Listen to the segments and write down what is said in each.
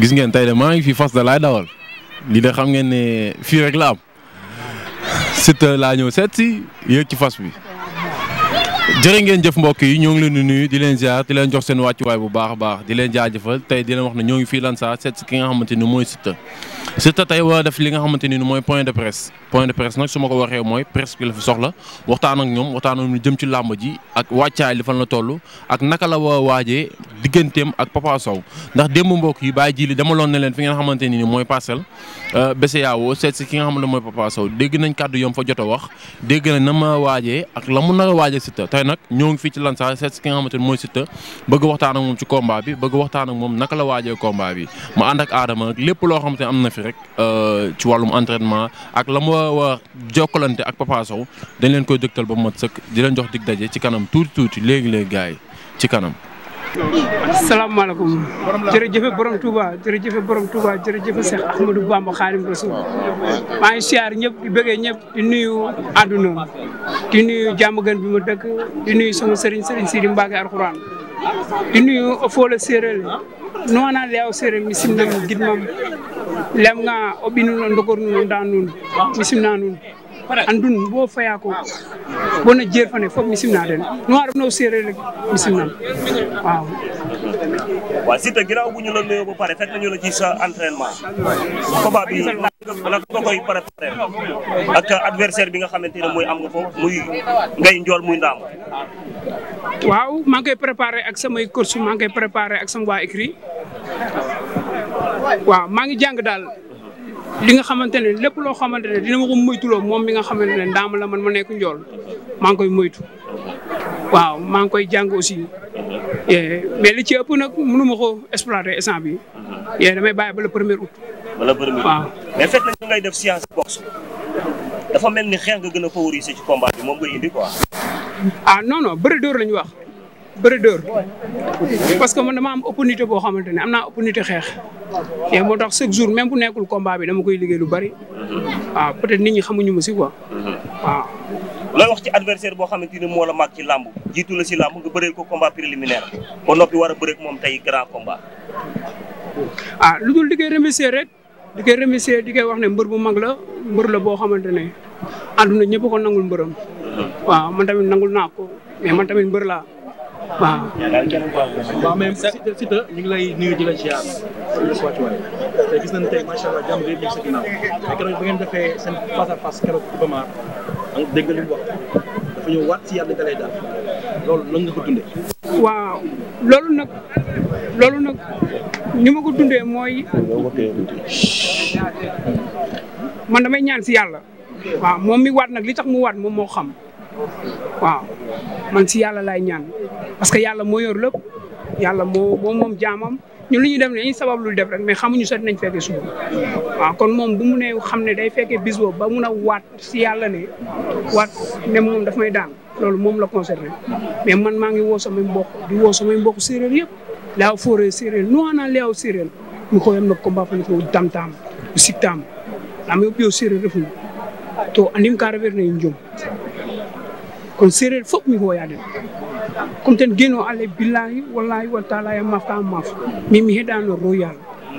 gis ngeen tey de maa ngi fi fas de laay dawal lii de xam ngeen ne fii rek la am laa ñëw seet si yéeg ci fas bi. jërë ngeen jëf mbokk yi ñoo ngi leen di nuyu di leen ziar di leen jox seen wàccuwaay bu baax a baax di leen jaajëfal tey di leen wax ne ñoo ngi fii Lansar seet si ki nga xamante ni mooy Siteu Siteu tey war def li nga xamante ni mooy point de presse ma ko waxee mooy presse bi la fi soxla waxtaan ak ñoom waxtaan jëm ci làmb ji ak wàccaay li la toll ak naka la war waajee digganteem ak Papa Sow ndax démb mbokk yi bàyyi ji li demaloon na leen fi ngeen xamante ni mooy parcelle euh, bese yaawoo seet si ki nga xamante mooy Papa Sow dégg nañ kàddu yoom fa jot a wax dégg nañ na ma waajee ak la mu na a waaja Siteu tey nag ñoo ngi fii ci Lansar seet si ki nga xamante ni mooy Siteu bëgg waxtaan ak moom ci combat bi bëgg waxtaan ak moom naka la waajee combat bi ma ànd ak aadama lépp loo xamante ne am na fi rek euh, ci wàllum entraînement ak la ma war jokkalante ak Papa Sow dañ leen koy dëgtal ba mu mat sëkk di leen jox dig daje ci kanam tuuti tuuti léegi léegi gars yi ci kanam. salaamaaleykum jërëjëfe borom Touba jërëjëfe borom Touba jërëjëfe Seex Ahmadou Bamba Xaadimu Rasuul maa ngi siyaar ñëpp di bëggee ñëpp di nuyu àdduna di nuyu bi ma dëkk di nuyu sama sëriñ sëriñ Sidi Mbacke Alxuraan di nuyu Fole Séeréer nuwana le o séeréer mi gidmam lem nga o ɓinu no ndogor nuno nda nuun mi andun bo faya boo bona jerfane fof mi simna den no aɗa no séréer rek mi simnan waaw waaw Siteu ginnaaw bu ñu la nuyoo ba pare fekk nañu la ci sa entraînement combat bi nag nga koy bi nga xamante ne mooy am nga foofu muy ngay njool muy ndaam waaw maa ngi koy préparé ak samay course maa ngi koy préparé ak sama waa écrit waaw maa ngi jàng daal li nga xamante ne lépp loo xamante ne dina ma ko moytuloo moom mi nga xamante ne ndaama la man ma nekk njool maa ngi koy moytu waaw maa ngi koy jàng aussi eh, mais li ci ëpp nag mënu ma ko exploiter instant bi yee eh, damay bàyyi ba le premier août. ba le premier août waaw. mais fekk nañu ngay def science boxe dafa mel ni xeex nga gën a favoriser ci combat bi moom nga indi quoi. ah non non bëri ñu wax. bëri dóor parce que man dama am opportunité boo xamante ne am naa opportunité xeex et moo tax chaque jour même bu nekkul combat bi dama koy liggéey lu bari waaw peut-être nit ñi xamuñu ma si quoi waaw looy wax ci adversaire boo xamante ni moo la màgg ci làmb jiitu la si làmb nga bëreel ko combat préliminaire ba noppi war a bëreeg moom tey grand combat ah lu dul di koy remercier rek di koy remercier di koy wax ne mbër bu mag la mbër la boo xamante ne àdduna ñëpp ko nangul mbëram mhm. waaw waaw. waaw mais Siteu ñu ngi lay nuyu di la ziar te gis nañu tey macha allah jàmm rek ñu si ginnaaw mais keroog ba ngeen defee seen face à face keroog Iba Mar donc dégg li mu wax dafa ñëw waat si yàlla da lay daal loolu lan ko dundee. waaw loolu nag loolu nag ni ma ko dundee mooy man damay ñaan si yàlla. waaw moom mi waat nag li tax mu waat moom moo xam waaw man si yàlla laay ñaan. parce que yàlla moo yor lépp yàlla moo moo moom jaamam ñun lu ñu dem dañuy sabab lu def rek mais xamuñu sax nañ fekkee suba waaw kon moom bu mu ne xam ne day fekkee bis ba mu a waat si yàlla ne waat ne moom daf may daan loolu moom la concerné mais man maa ngi woo samay mbokk di woo samay mbokk séeréer yëpp laaw fooree séeréer nuwaanaa leew séeréer mi koyam nag combat fani ko tam-tam siktam am yo ɓiyo séeréer refuno to andim ka refer ne njom kon séeréer fof mi komten geno allah billahi wallahi waltaala e mafta maaf min mi heɗano royal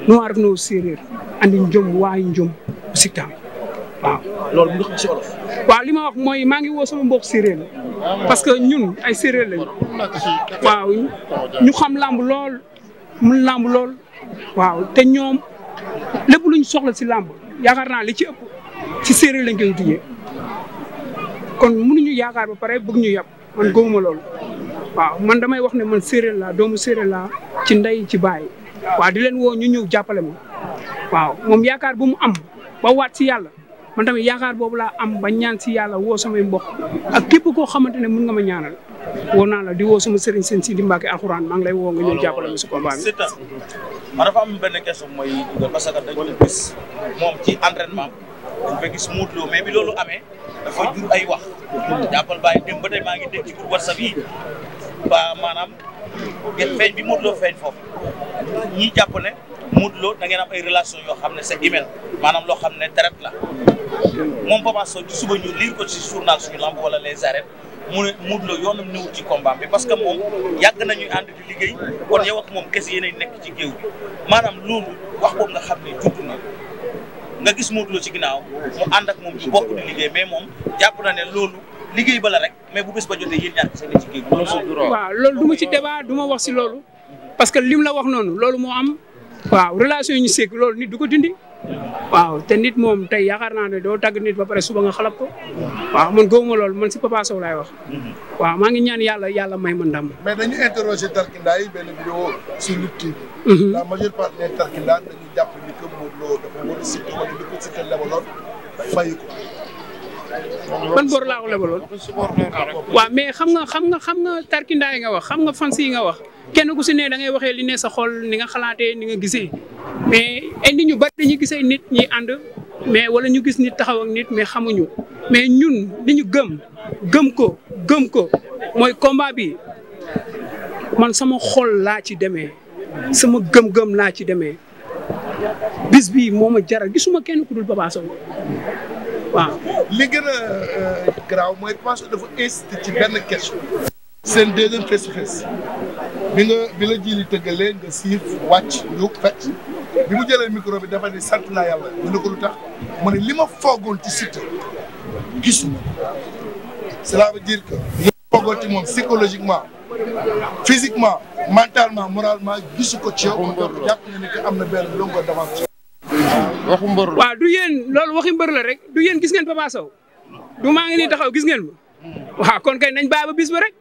no arno séréer andi joom loolu mu ngi li ma wax mooy maa ngi woo sama mbokk séréer parce que ñun ay séréer lañu waaw ñu xam làmb lool mu làmb lool waaw te ñoom lépp luñ soxla si làmb yaakaar naa li ci ëpp si séréer lañ koy tijjee kon mënuñu yaakaar ba pare bëgg ñu yàpp man gëmuma loolu waaw man damay wax ne man séeréer laa doomu séeréer laa ci ndey ci baay waaw di leen woo ñu ñëw jàppale ma waaw moom yaakaar bu mu am ba waat si yàlla man tamit yaakaar boobu laa am ba ñaan si yàlla woo samay mbokk ak képp koo xamante ne mun nga ma ñaanal woo naa la di woo sama sëriñ seen si di Mbàkke alxuraan maa lay woo nga ñëw jàppale ma si combat bi. ma dafa am benn question mooy dugal parce que dañu gis moom ci entraînement dañ fa gis muutloo mais bi loolu ba tey maa ba maanaam ngeen feeñ bi Modou Lo feeñ foofu ñi jàpp ne Modou Lo da ngeen am ay relation yoo xam ne c'est humain maanaam loo xam ne deret la moom Papa Sow ci suba ñu liir ko ci journal suñu lamb wala les arènes mu ne Modou Lo yoonam ñëwul ci combat bi parce que moom yàgg nañuy ànd di liggéey kon yow ak moom kese yéenay nekk ci géew bi maanaam loolu wax boobu nga xam ne judd na nga gis Modou ci ginnaaw mu ànd ak moom ñu bokk di liggéey mais moom jàpp na ne loolu liggéey ba la rek mais bu bés ba jotee waaw loolu du ma ci débat du ma wax si loolu parce que lim la wax noonu loolu moo am waaw relation yi ñu seeg loolu nit du ko dindi waaw te nit moom tey yaakaar naa ne doo tàgg nit ba pare suba nga xalab ko waaw man gëwuma loolu man si Papa Sow laay wax waaw maa ngi ñaan yàlla yàlla may ma ndam. mais dañu interroger Tarkinda yi benn vidéo mhm. la majeure partie ko Siteu man bor laa ko lebaloon. waaw mais xam nga xam nga xam nga tarkindaa yi nga wax xam nga fans yi nga wax kenn ku si nee dangay waxee li ne sa xol ni nga xalaatee ni nga gisee mais indi ñu bari dañuy gisee nit ñi ànd mais wala ñu gis nit taxaw nit mais xamuñu mais ñun li ñu gëm gëm ko gëm ko mooy combat bi man sama xol laa ci demee sama gëm-gëm laa ci demee bis bi moo ma jaral gisuma kenn ku dul Papa li gën a euh, garaaw mooy Pape dafa insisté ci benn question. seen deuxième face to face bi nga bi la ji li tëggalee nga siif wàcc ñu fecc bi mu jëlee micro bi dafa ne sant naa yàlla mu ne ko lu tax mu ne li ma foogoon ci Siteu gisuma cela veut dire que li ma foogoon ci moom psychologiquement physiquement mentalement moralement gisu ko ci yow. donc jàpp nga ni que am na benn longueur d'avance waxu mbër la waaw du yéen loolu waxi mbër rek du yéen gis ngeen Papa Sow du maa ngi nii taxaw gis ngeen ma waaw kon kay nañ bàyyi ba bis ba rek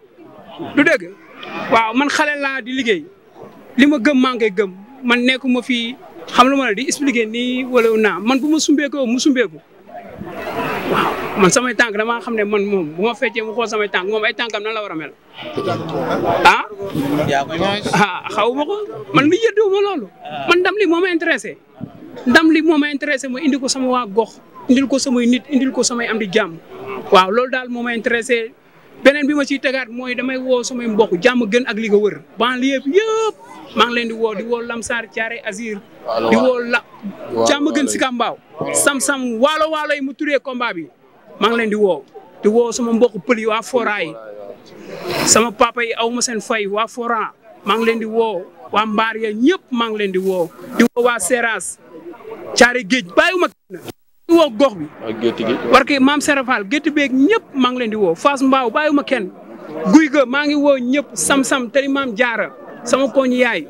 du dëgg waaw man xale laa di liggéey li ma gëm maa gëm man nekkuma fi xam lu ma la di expliquer nii wala naa man bu ma sumbeekoo mu sumbeeku waaw man samay tànk damaa xam ne man moom bu ma feccee mu xool samay tànk moom ay tànkam nan la war a mel ah, ah xaw ma ko man mi yëdduwuma loolu man ndam li moo ma ndam li moo ma intéressé mooy indil ko sama waa gox indil ko samay nit indil ko samay am di jàmm waaw loolu daal moom ma intéressé beneen bi ma ciy tegaat mooy damay woo samay mbokk jàmm gën ak li ko wër banlieue bi yëpp maa ngi leen di woo di woo Lamsar Thiaré Azir di woo la jàmm gën si Kambaaw sam-sam waalo waalo yi mu turee combat bi maa ngi leen di woo di woo sama mbokk pël yi waa fora sama papa yi aw ma seen fay waa fora maa ngi leen di woo waa mbaar ya ñëpp maa ngi leen di woo di caare géej bàyyiwuma kenn woo gox bi parce que maam serafal gétti beeg ñëpp maa ngi leen di woo Fass Mbaaw bàyyiwuma kenn guy ga maa ngi woo ñëpp sam-sam tali maam jaara sama koñ yaay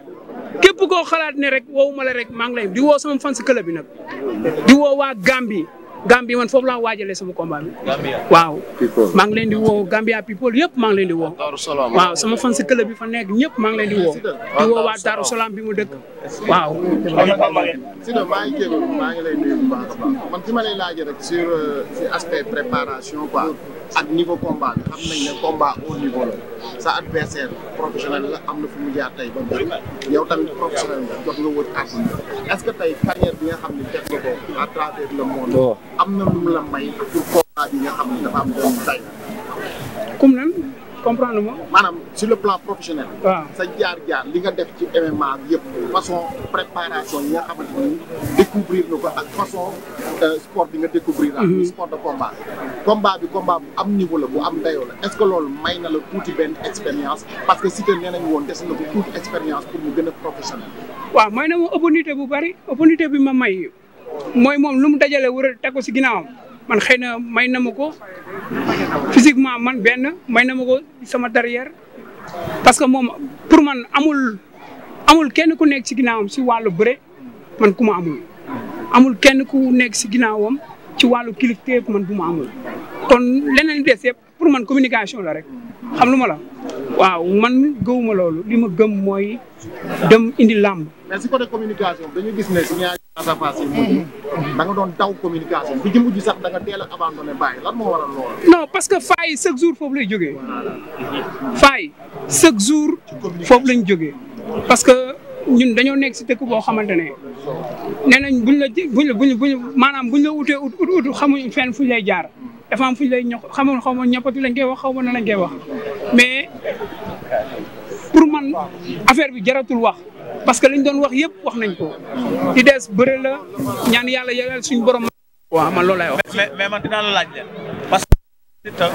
képp koo xalaat ne rek woowu ma la rek maa ngi lay di woo sama fans club bi nag di woo waa Gambie Gambie man foofu laa waajalee sama combat bi. waaw. maa ngi leen di woo Gambia people yëpp maa ngi leen di woo. waaw sama fan si club bi fa nekk ñëpp maa ngi leen di woo. di woo waa Daaru bi mu dëkk. waaw. a baax man ma lay laajee rek sur euh, si aspect ak niveau combat bi xam nañ ne combat au niveau la sa adversaire professionnel la am na fu mu jaar tey ba mu yow tamit professionnel nga nga wër àdduna est-ce que tey carrière bi nga xam ne def nga ko à travers le monde. am na lu mu la may pour combat bi nga xam ne dafa am doon tey. comme nan. comprendre moom. maanaam sur le plan professionnel. waaw sa jaar-jaar li nga def ci MMA yëpp façon préparation yi nga xamante ni découvrir na ko ak façon euh, sport bi nga découvrir ak mhm. sport de combat. combat bi combat bu am niveau la bu am dayoo la est-ce que loolu may na la tuuti benn expérience parce que Siteu nee nañu woon des na ko tuuti expérience pour mu gën a professionnel. waaw may na ma opportunité bu bari opportunité bi ma may mooy moom lu mu dajale wër teg ko si ginnaawam. man xëy na may na ma ko physiquement man benn may na ma ko sama derrière parce que moom pour man amul amul kenn ku nekk si ginnaawam si wàllu bëre man ku ma amul. amul kenn ku nekk si ginnaawam ci wàllu kilifteef man bu ma amul kon leneen des yëpp pour man communication la rek xam lu ma la. waaw man gëwuma loolu li ma gëm mooy dem indi làmb. mais si côté communication dañu gis ne si ñaar interface yi mujj da nga doon daw communication bi ci sax da nga teel a abandonné bàyyi lan moo waral lool. non parce que faay chaque jour foofu lay jógee. foofu lañ jógee parce que ñun dañoo nekk si dëkk boo xamante ne nee nañ buñ la buñ la buñ maanaam buñ la utee ut ut ut xamuñ fenn fuñ lay jaar dafa am fuñ lay ñox xamoon xaw ma ñoppatu lañ koy wax xaw ma na lañ koy wax mais pour man affaire bi jaratul wax. parce que liñ doon wax yëpp wax nañ ko di des bëre la ñaan yàlla yàlla suñu borom. waaw man loolu lay wax. mais mais man dinaa la laaj leen parce que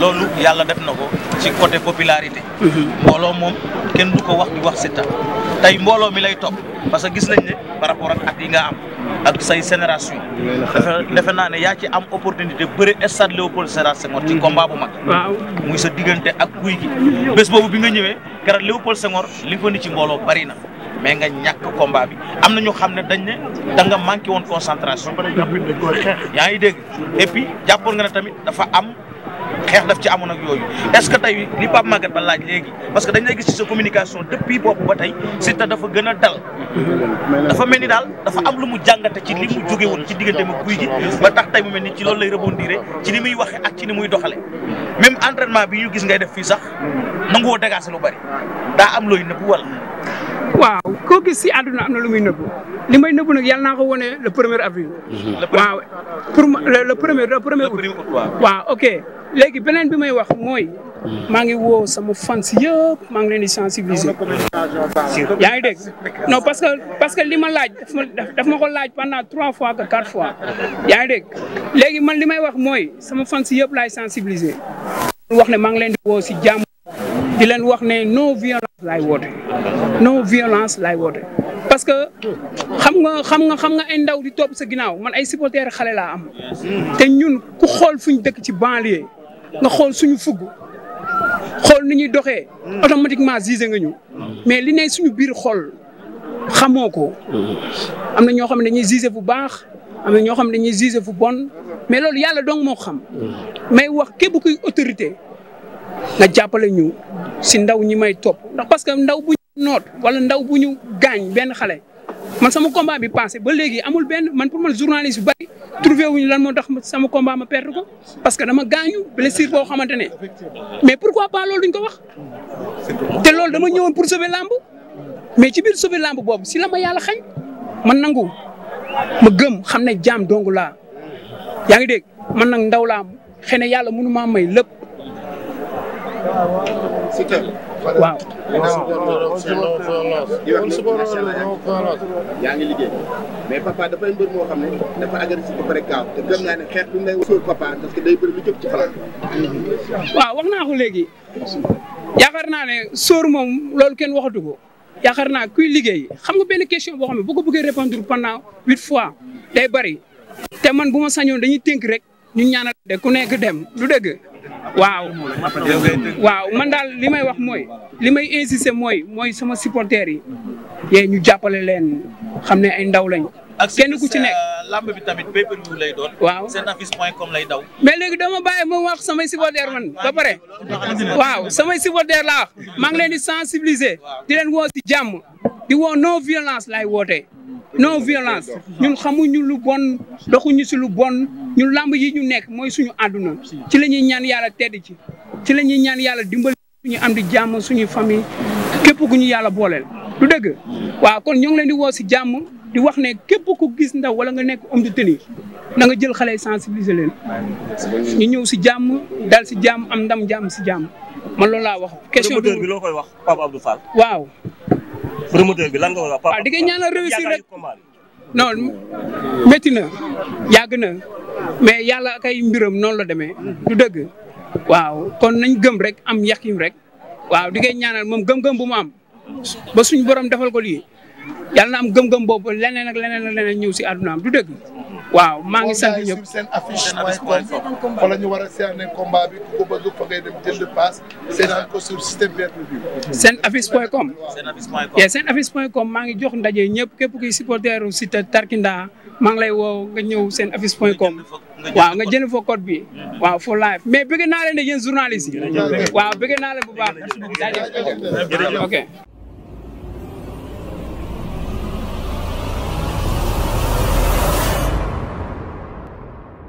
loolu yàlla def na ko ci côté popularité. Mhm. mbooloo moom kenn du ko wax di wax Siteu tey mbooloo mi lay topp parce que gis nañ ne par rapport ak at yi am ak say génération. defe naa ne yaa ci am opportunité bëre stade Léopold Sédar Senghor. ci mhm. combat bu mag. waaw muy sa diggante ak guy gi. bés boobu bi nga ñëwee keroog Léopold Senghor li nga ko ci mbooloo bari na. mais nga ñàkk combat bi am na ñu xam ne dañ ne da nga manqué woon concentration. yaa ngi dégg et puis jàppoon nga ne tamit dafa am xeex daf ci amoon ak yooyu est-ce que tey li Pape màgget ba laaj léegi parce que dañ lay gis ci sa communication depuis boobu ba tey Siteu dafa gën a dal. dafa mel ni daal dafa am lu mu jàngate ci li mu jóge woon ci diggante ma guy gi ba tax tey mu mel ni ci loolu lay rebondir ci ni muy waxee ak ci ni muy doxale même entraînement bi ñu gis ngay def fii sax nangu woo dégager lu bari daa am looy nëbb wala. waaw koo gis si àdduna am na lu muy nëbbu li may nëbbu nag yàlla naa ko wone le premier avril. Mhm. waaw pour le premier le premier août. waaw ok léegi beneen bi may wax mooy. Mhm. maa ngi woo sama fans yëpp maa ngi leen di sensibiliser. yaa ngi dégg non parce que parce que li ma laaj daf ma ko laaj pendant trois fois que quatre fois yaa ngi dégg léegi man li may wax mooy sama fans yëpp laay sensibiliser. wax ne maa ngi leen di woo si jàmm di leen wax ne non violence laay woote non violence laay woote. parce que xam nga xam nga xam nga ay ndaw di topp sa ginnaaw man ay supporteurs xale laa am te ñun ku xool fuñ dëkk ci banlieue nga xool suñu fugg xool ni ñuy doxee automatiquement gisé nga ñu mais li ne suñu biir xool xamoo ko. am na ñoo xam ne dañuy gisé bu baax am na ñoo xam ne dañuy gisé fu bon mais loolu yàlla dong moo xam. mais wax képp kuy autorité na jàppale ñu si ndaw ñi may topp ndax parce que ndaw bu ñu noot wala ndaw bu ñu gaañ benn xale man sama combat bi passé ba léegi amul benn man pour man journaliste bu bëri trouvé wuñu lan moo tax sama combat ma perdre ko parce que dama gaañu blessure boo xamante ne mais pour pas loolu duñ ko wax te loolu dama ñëwoon pour sauver lamb mais ci biir sauver lamb boobu si la ma yàlla xañ man nangu ma gëm xam ne jaam dong laa yaa ngi dégg man nag ndaw laa xëy na yàlla mënu may lépp waaw. yaa ngi liggéey mais papa dafay mbër moo xam ne dafa agressif ba pare gaaw naa ne xeex bi mu lay waaw wax naa ko léegi yaakaar naa ne sóor moom loolu kenn waxatu ko yaakaar naa kuy liggéey xam nga benn question boo xam ne bu ko bëggee répondre pendant fois day bari te man bu ma sañoon dañuy tënk rek ñu ñaanal de ku nekk dem du dëgg. waaw waaw man daal li may wax mooy li may insister mooy mooy sama supporters yi yee ñu jàppale leen xam ne ay ndaw lañ kenn ku ci nekk lamb bi tamit pay-per-view lay doon. waaw senafis.com lay daw. mais léegi dama bàyyi ma wax samay supporters man ba pare. waaw samay supporters laa wax maa ngi leen di sensibiliser. di leen woo si jàmm di woo non violence laay wootee. non violence ñun xamuñu lu bon doxuñu si lu bon ñun làmb yi ñu nekk mooy suñu àdduna ci la ñuy ñaan yàlla tedd ci ci la ñuy ñaan yàlla dimbali suñu am di jàmm suñu famille képp ku ñu yàlla booleel du dëgg waaw kon ñoo ngi leen di woo si jàmm di wax ne képp ku gis ndaw wala nga nekk homme de tenue na nga jël xale yi leen ñu ñëw si jàmm dal si jàmm am ndam jàmm si jàmm ma loolu laa wax question bi loo koy wax waaw promoteur bi lan nga wax waaw ah, di nga ñaanal réussir rek non métti na yàgg na mais yàlla ak ay mbiram noonu la demee du dëgg waaw kon nañ gëm rek am yaqin rek waaw di ngay ñaanal moom gëm-gëm bu mu am ba suñu borom defal ko lii yàlla na am gëm-gëm boobu leneen ak leneen ak leneen ñëw si àddunaam du dëgg waaw maa ngi sant ñëpp seen affiche mooy combat wala war a seetaan combat bi ku ko bëgg fa ngay dem jënd paas seetaan ko sur com. seen affiche com maa ngi jox ndaje ñëpp képp kuy supporteru Siteu Tarkinda maa ngi lay woo nga ñëw seen affiche point com. waaw nga jënd fa code bi. Mm-hmm. waaw for life mais bëgg naa leen ne yéen journaliste yi. waaw bëgg naa leen bu baax.